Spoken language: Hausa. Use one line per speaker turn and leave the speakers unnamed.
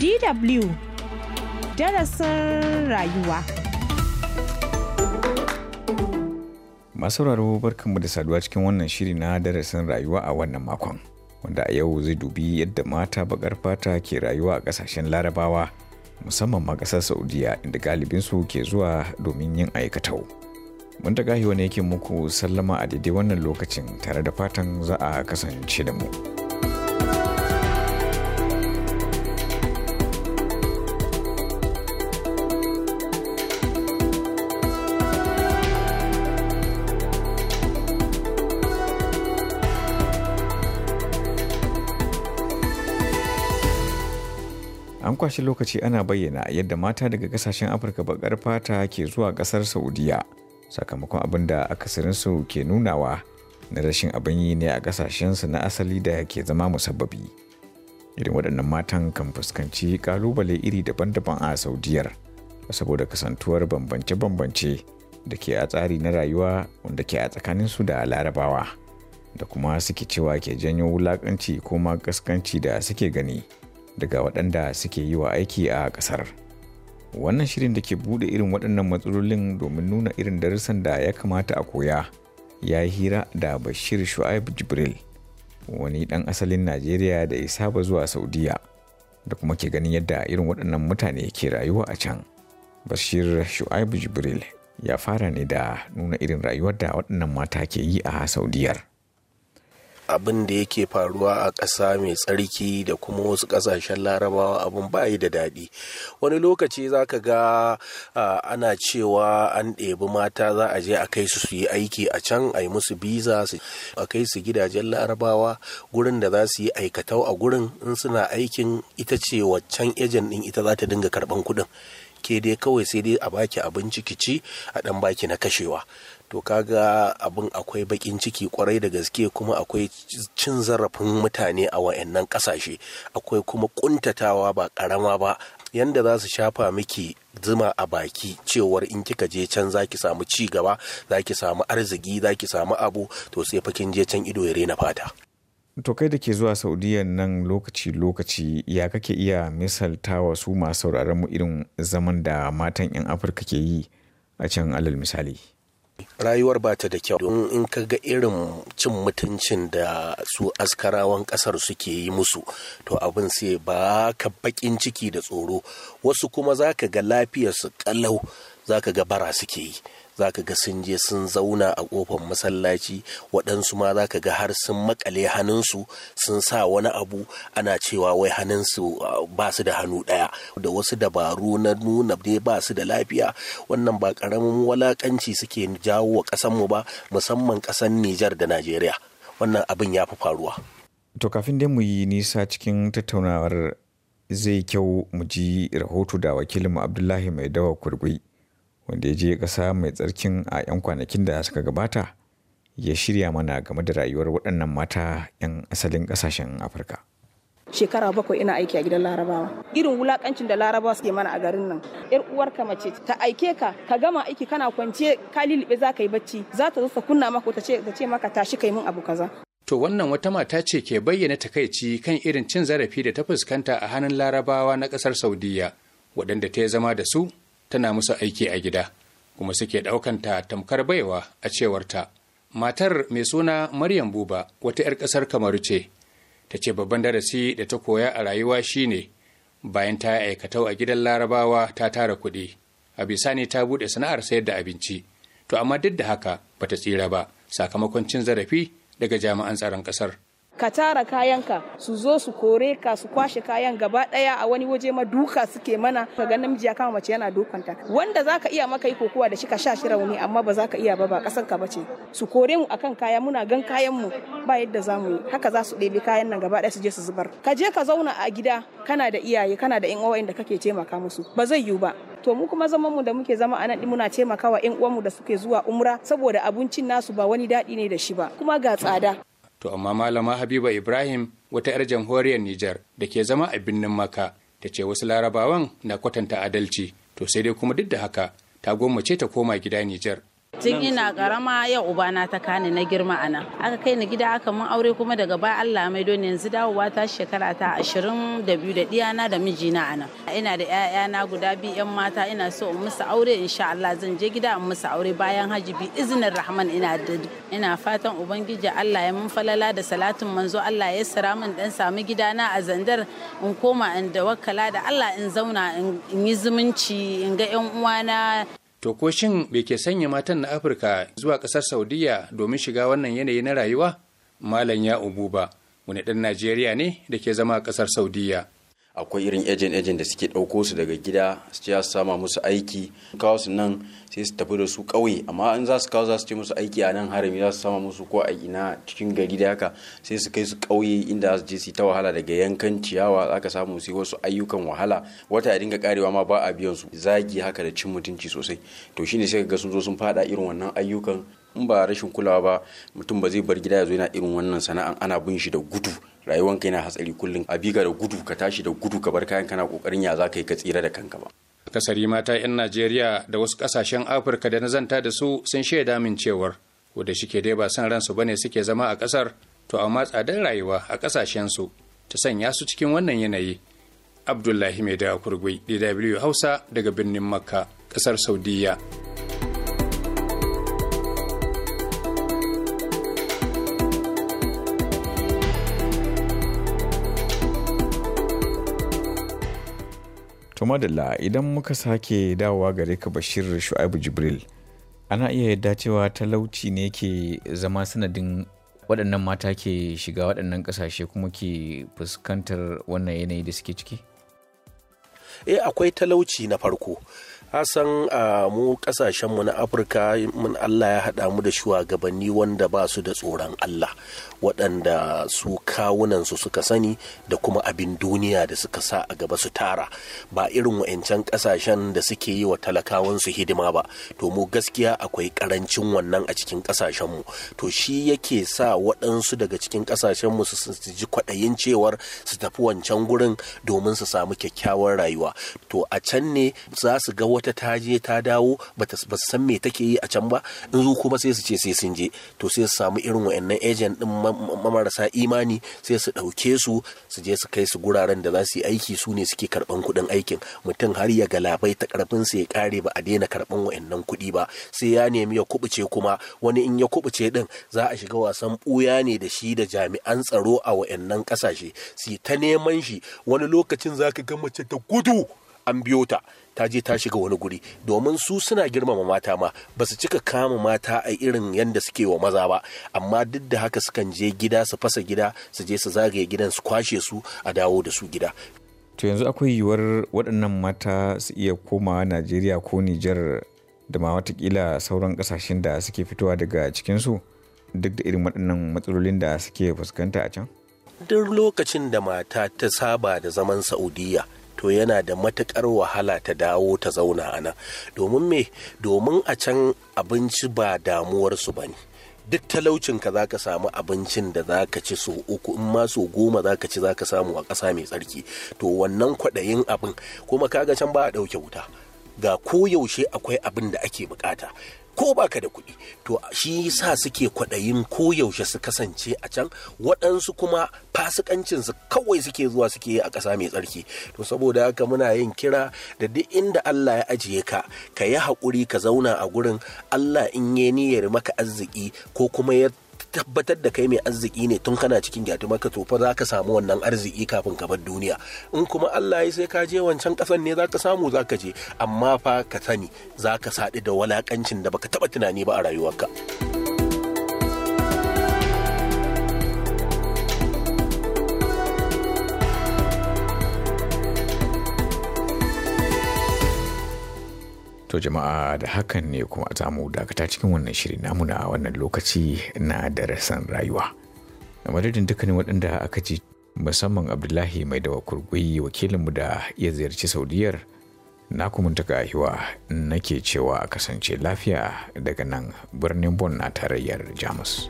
DW darasin rayuwa.
Masu raro barkanmu da saduwa cikin wannan shiri na darasin rayuwa a wannan makon. Wanda a yau zai dubi yadda mata bakar fata ke rayuwa a kasashen larabawa musamman ma kasar Saudiya inda galibinsu ke zuwa domin yin aikatau. Mun ta gahi wani yake muku sallama a daidai wannan lokacin tare da fatan za a kasance da mu. an kwashe lokaci ana bayyana yadda mata daga kasashen afirka bakar fata ke zuwa kasar saudiya sakamakon abin da akasarinsu ke nunawa na rashin abin yi ne a kasashensu na asali da ke zama musabbabi irin waɗannan matan kan fuskanci kalubale iri daban-daban a saudiyar saboda kasantuwar bambance-bambance da ke a tsari na rayuwa wanda ke a tsakaninsu da larabawa da kuma suke cewa ke janyo wulakanci ko ma da suke gani. daga waɗanda suke yi wa aiki a ƙasar wannan shirin da ke bude irin waɗannan matsalolin domin nuna irin darussan da ya kamata a koya ya yi hira da bashir shu'aib jibril wani ɗan asalin najeriya da ya saba zuwa saudiya da kuma ke ganin yadda irin waɗannan mutane ke rayuwa a can bashir shu'aib jibril ya fara ne da nuna irin rayuwar da waɗannan mata ke yi a saudiyar
abin da yake faruwa a ƙasa mai tsarki da kuma wasu ƙasashen larabawa abin bayi da daɗi wani lokaci za ka ga ana cewa an ɗebi mata za a je a kai su su yi aiki a can a yi musu biza a kai su gidajen larabawa gurin da za su yi aikatau a gurin in suna aikin ita ce waccan ejen ɗin ita za ta dinga karɓan kuɗin ke dai kawai sai dai a baki abinci ki ci a dan baki na kashewa to kaga abin akwai bakin ciki kwarai da gaske kuma akwai cin zarafin mutane a wayannan kasashe akwai kuma kuntatawa ba karama ba yanda za su shafa miki zuma a baki cewar in kika je can za ki samu ci gaba za ki samu arziki za ki samu abu to sai fa kin je can ido ya rena fata
To kai da ke zuwa saudiyya nan lokaci-lokaci ya kake iya misalta wa su masu sauraron mu irin zaman da matan 'yan Afirka ke yi a can alal misali.
Rayuwar ba ta da kyau don in ka ga irin cin mutuncin da su askarawan kasar suke yi musu to abin sai ba ka bakin ciki da tsoro wasu kuma za ka ga lafiyarsu kalau za ka ga bara suke yi za ka ga sun je sun zauna a kofar masallaci waɗansu ma za ka ga har sun makale hannunsu sun sa wani abu ana cewa wai hannunsu ba su da hannu ɗaya da wasu dabaru na nuna ne ba su da lafiya wannan ba ƙaramin walakanci suke jawo wa ƙasanmu ba musamman ƙasan Nijar da Najeriya wannan abin ya fi faruwa.
To kafin dai mu yi nisa cikin tattaunawar zai kyau mu ji rahoto da wakilinmu Abdullahi Mai Dawa Kurgui wanda ya je ƙasa mai tsarkin a 'yan kwanakin da suka gabata ya shirya mana game da rayuwar waɗannan mata 'yan asalin ƙasashen afirka
shekara bakwai ina aiki a gidan larabawa irin wulakancin da larabawa suke mana a garin nan yar ka mace ta aike ka ka gama aiki kana kwance ka lilibe za ka yi bacci za ta zo ta kunna maka ta ce ta ce maka tashi kai min abu kaza to wannan wata mata ce ke bayyana takaici kan irin cin zarafi da ta fuskanta a hannun larabawa na kasar saudiya waɗanda ta zama da su tana musu aiki a gida kuma suke ɗaukanta tamkar baiwa a cewarta matar mai suna maryam buba wata 'yar ƙasar kamaru ce ta ce babban darasi da ta koya a rayuwa shine bayan ta yi aikatau a gidan larabawa ta tara kuɗi a ne ta buɗe sana'ar sayar da abinci to amma duk da haka bata tsira ba sakamakon cin zarafi daga jami'an tsaron ƙasar ka tara kayanka su zo su kore ka su kwashe kayan gaba daya a wani waje ma duka suke mana ka ga namiji ya kama mace yana dokanta. wanda zaka iya maka yi kokowa da shi ka sha shi rauni amma ba zaka iya ba ba kasan ka bace su kore mu akan kaya muna gan kayan mu ba yadda za mu yi haka za su ɗebe kayan nan gaba daya su je su zubar ka je ka zauna a gida kana da iyaye kana da yan uwa da kake taimaka musu ba zai yiwu ba to mu kuma zaman mu da muke zama a nan din muna taimakawa yan uwanmu da suke zuwa umra saboda abincin nasu ba wani daɗi ne da shi ba kuma ga tsada To amma malama Habiba Ibrahim wata 'yar jamhuriyar Nijar da ke zama a birnin Maka ta ce wasu larabawan na kwatanta adalci to sai dai kuma duk da haka ta gwammace ta koma gida Nijar
tun ina karama
yau ubana ta kani na girma a aka kai ni gida aka mun aure kuma daga baya Allah mai don yanzu dawowa ta shekara ta ashirin da biyu da ɗiyana da mijina a nan ina da ƴaƴana guda biyu yan mata ina so in musu aure insha Allah zan je gida in musu aure bayan haji bi izinin rahman ina da ina fatan ubangiji Allah ya mun falala da salatin manzo Allah ya sara min dan samu gidana a zandar in koma in da wakala da Allah in zauna in yi zumunci in ga yan uwana To ko shin me ke sanya matan na Afirka zuwa ƙasar Saudiya domin shiga wannan yanayi na rayuwa? Malam ya ubu ba, wani ɗan Najeriya ne da ke zama a ƙasar Saudiya. akwai irin ejen
ejen da suke ɗauko su daga gida su ce sama musu aiki kawo su nan sai su tafi da su ƙauye amma in za su kawo za su ce musu aiki a nan harami za su sama musu ko a ina cikin gari da haka sai su kai su ƙauye inda za su je su ta wahala daga yankan ciyawa za ka samu su wasu ayyukan wahala wata ya dinga karewa ma ba a biyan su zagi haka da cin mutunci sosai to shine sai ka ga sun zo sun fada irin wannan ayyukan in ba rashin kulawa ba mutum ba zai bar gida ya zo yana irin wannan sana'an ana bin shi da gudu rayuwanka yana hatsari kullum a biga da gudu ka tashi da gudu ka bar kayan kana kokarin ya za ka yi ka tsira da kanka ba
kasari mata 'yan najeriya da wasu kasashen afirka da na zanta da su sun shaida min cewar ko da shike dai ba san ransu bane suke zama a kasar to amma tsadar rayuwa a kasashen su ta sanya su cikin wannan yanayi abdullahi mai da kurgui dw hausa daga birnin makka kasar saudiya
To madalla idan muka sake dawowa gare ka Bashir Shu'aibu Jibril ana iya yadda cewa talauci ne ke zama sanadin waɗannan mata ke shiga waɗannan ƙasashe kuma ke fuskantar wannan yanayi da suke ciki?
Eh akwai talauci na farko hassan a mu kasashenmu na afirka mun allah ya haɗa mu da shugabanni wanda ba su da tsoron allah waɗanda su kawunansu suka sani da kuma abin duniya da suka sa a gaba su tara ba irin wa'ancan ƙasashen da suke yi wa talakawansu hidima ba to mu gaskiya akwai ƙarancin wannan a cikin ƙasashenmu to shi yake sa waɗansu daga cikin ƙasashenmu su ji kwaɗayin cewar su tafi wancan gurin domin su samu kyakkyawar rayuwa to a can ne za su ga wata ta je ta dawo ba ta san me take yi a can ba in zo kuma sai su ce sai sun je to sai su samu irin wayannan agent din marasa imani sai su dauke su su je su kai su guraren da za su yi aiki su ne suke karban kudin aikin mutum har ya galabai ta karfin sa ya kare ba a daina karɓan wayannan kuɗi ba sai ya nemi ya kubuce kuma wani in ya kubuce din za a shiga wasan buya ne da shi da jami'an tsaro a wayannan ƙasashe su ta neman shi wani lokacin za ka ga mace ta gudu an biyo ta ta je ta shiga wani guri domin su suna girmama mata ma ba su cika kama mata a irin yadda suke wa maza ba amma duk da haka sukan je gida su fasa gida su je su zagaye gidan su kwashe su a dawo da su gida
to yanzu akwai yiwuwar waɗannan mata su iya komawa najeriya ko nijar da ma watakila sauran kasashen da suke fitowa daga cikinsu duk da irin waɗannan matsalolin da suke fuskanta a can
duk lokacin da mata ta saba da zaman saudiya to yana da matukar wahala ta dawo ta zauna a nan domin me domin a can abinci ba damuwarsu ba ne duk talaucinka za ka samu abincin da za ka ci so uku in ma so goma za ka ci za ka samu a ƙasa mai tsarki to wannan kwaɗayin abin kuma kaga can ba a ɗauke wuta ga koyaushe akwai abin da ake bukata ko baka da kuɗi to shi sa suke kwaɗayin ko yaushe su kasance a can waɗansu kuma fasikancinsu kawai suke zuwa suke yi a ƙasa mai tsarki to saboda haka muna yin kira da duk inda Allah ya ajiye ka ka yi haƙuri ka zauna a gurin Allah in ya niyyar maka arziki ko kuma ya tabbatar da kai mai arziki ne tun kana cikin gyatu maka tofa za ka samu wannan arziki kafin ka bar duniya in kuma Allah ya sai ka je wancan kasan ne za ka samu za ka je amma fa ka sani za ka sadu da walakancin da baka taɓa tunani ba a rayuwarka.
To jama'a da hakan ne kuma a mu dakata cikin wannan shiri namu na wannan lokaci na darasan rayuwa. A madadin dukkanin waɗanda aka ji musamman Abdullahi mai dawa kurgui wakilinmu da ya ziyarci Saudiyar na kumunta gahiwa nake cewa a kasance lafiya daga nan birnin Bon na tarayyar Jamus.